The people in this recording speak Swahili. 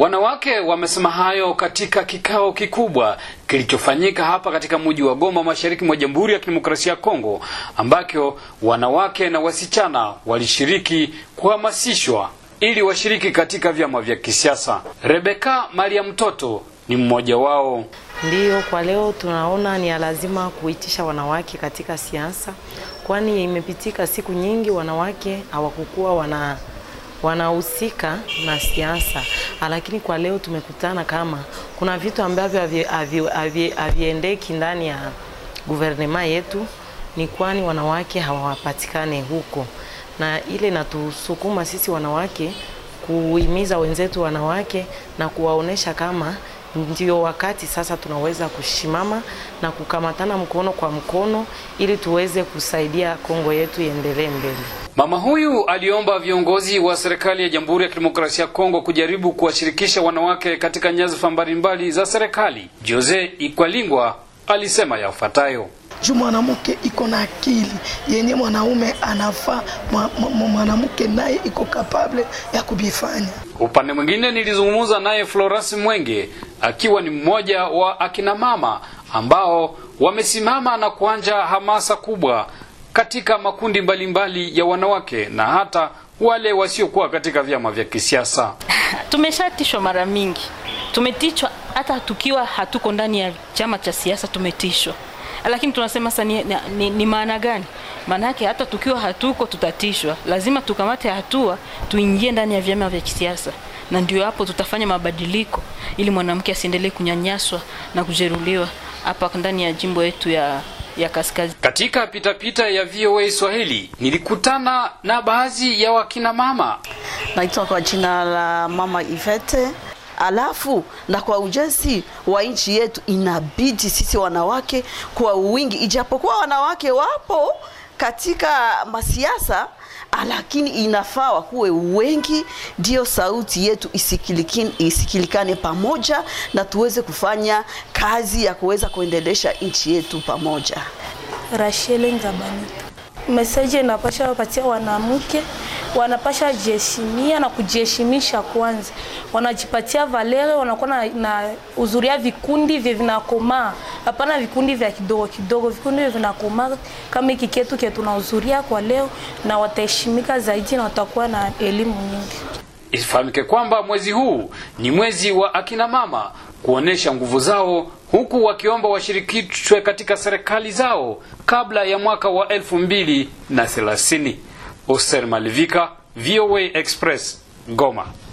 Wanawake wamesema hayo katika kikao kikubwa kilichofanyika hapa katika mji wa Goma, mashariki mwa Jamhuri ya Kidemokrasia ya Kongo, ambako wanawake na wasichana walishiriki kuhamasishwa ili washiriki katika vyama vya kisiasa. Rebeka Maria Mtoto ni mmoja wao. Ndiyo, kwa leo tunaona ni lazima kuitisha wanawake katika siasa, kwani imepitika siku nyingi wanawake hawakukuwa wana wanahusika na siasa Ah, lakini kwa leo tumekutana kama kuna vitu ambavyo haviendeki ndani ya guvernema yetu, ni kwani wanawake hawapatikane huko, na ile inatusukuma sisi wanawake kuhimiza wenzetu wanawake na kuwaonesha kama ndio wakati sasa tunaweza kushimama na kukamatana mkono kwa mkono ili tuweze kusaidia Kongo yetu iendelee mbele. Mama huyu aliomba viongozi wa serikali ya Jamhuri ya Kidemokrasia ya Kongo kujaribu kuwashirikisha wanawake katika nyadhifa mbalimbali za serikali. Jose Ikwalingwa alisema yafuatayo: juu mwanamke iko na akili yenye mwanaume anafaa, mwanamke naye iko kapable ya kubifanya. Upande mwingine nilizungumza naye Florence Mwenge akiwa ni mmoja wa akina mama ambao wamesimama na kuanja hamasa kubwa katika makundi mbalimbali mbali ya wanawake na hata wale wasiokuwa katika vyama vya kisiasa. Tumeshatishwa mara mingi, tumetishwa hata tukiwa hatuko ndani ya chama cha siasa tumetishwa, lakini tunasema sasa ni, ni, ni maana gani? Maana yake hata tukiwa hatuko tutatishwa, lazima tukamate hatua, tuingie ndani ya vyama vya kisiasa na ndio hapo tutafanya mabadiliko ili mwanamke asiendelee kunyanyaswa na kujeruliwa hapa ndani ya jimbo yetu ya ya kaskazi. Katika pitapita pita ya VOA Swahili nilikutana na baadhi ya wakina mama. Naitwa kwa jina la Mama Ivete. Alafu na kwa ujenzi wa nchi yetu inabidi sisi wanawake kwa wingi, ijapokuwa wanawake wapo katika masiasa, ah, lakini inafaa wakuwe wengi, ndio sauti yetu isikilikane pamoja, na tuweze kufanya kazi ya kuweza kuendelesha nchi yetu pamoja. Rashele Ngabani, meseji inapasha wapatia wanawake wanapasha jiheshimia na kujiheshimisha kwanza, wanajipatia valere, wanakuwa na, na uzuria vikundi vya vinakomaa, hapana vikundi vya kidogo kidogo, vikundi vya vinakomaa kama hiki ketu na tunahudhuria kwa leo, na wataheshimika zaidi na watakuwa na elimu nyingi. Ifahamike kwamba mwezi huu ni mwezi wa akina mama kuonesha nguvu zao huku wakiomba washirikishwe katika serikali zao kabla ya mwaka wa elfu mbili na thelathini. Oster Malivika, VOA Express, Goma.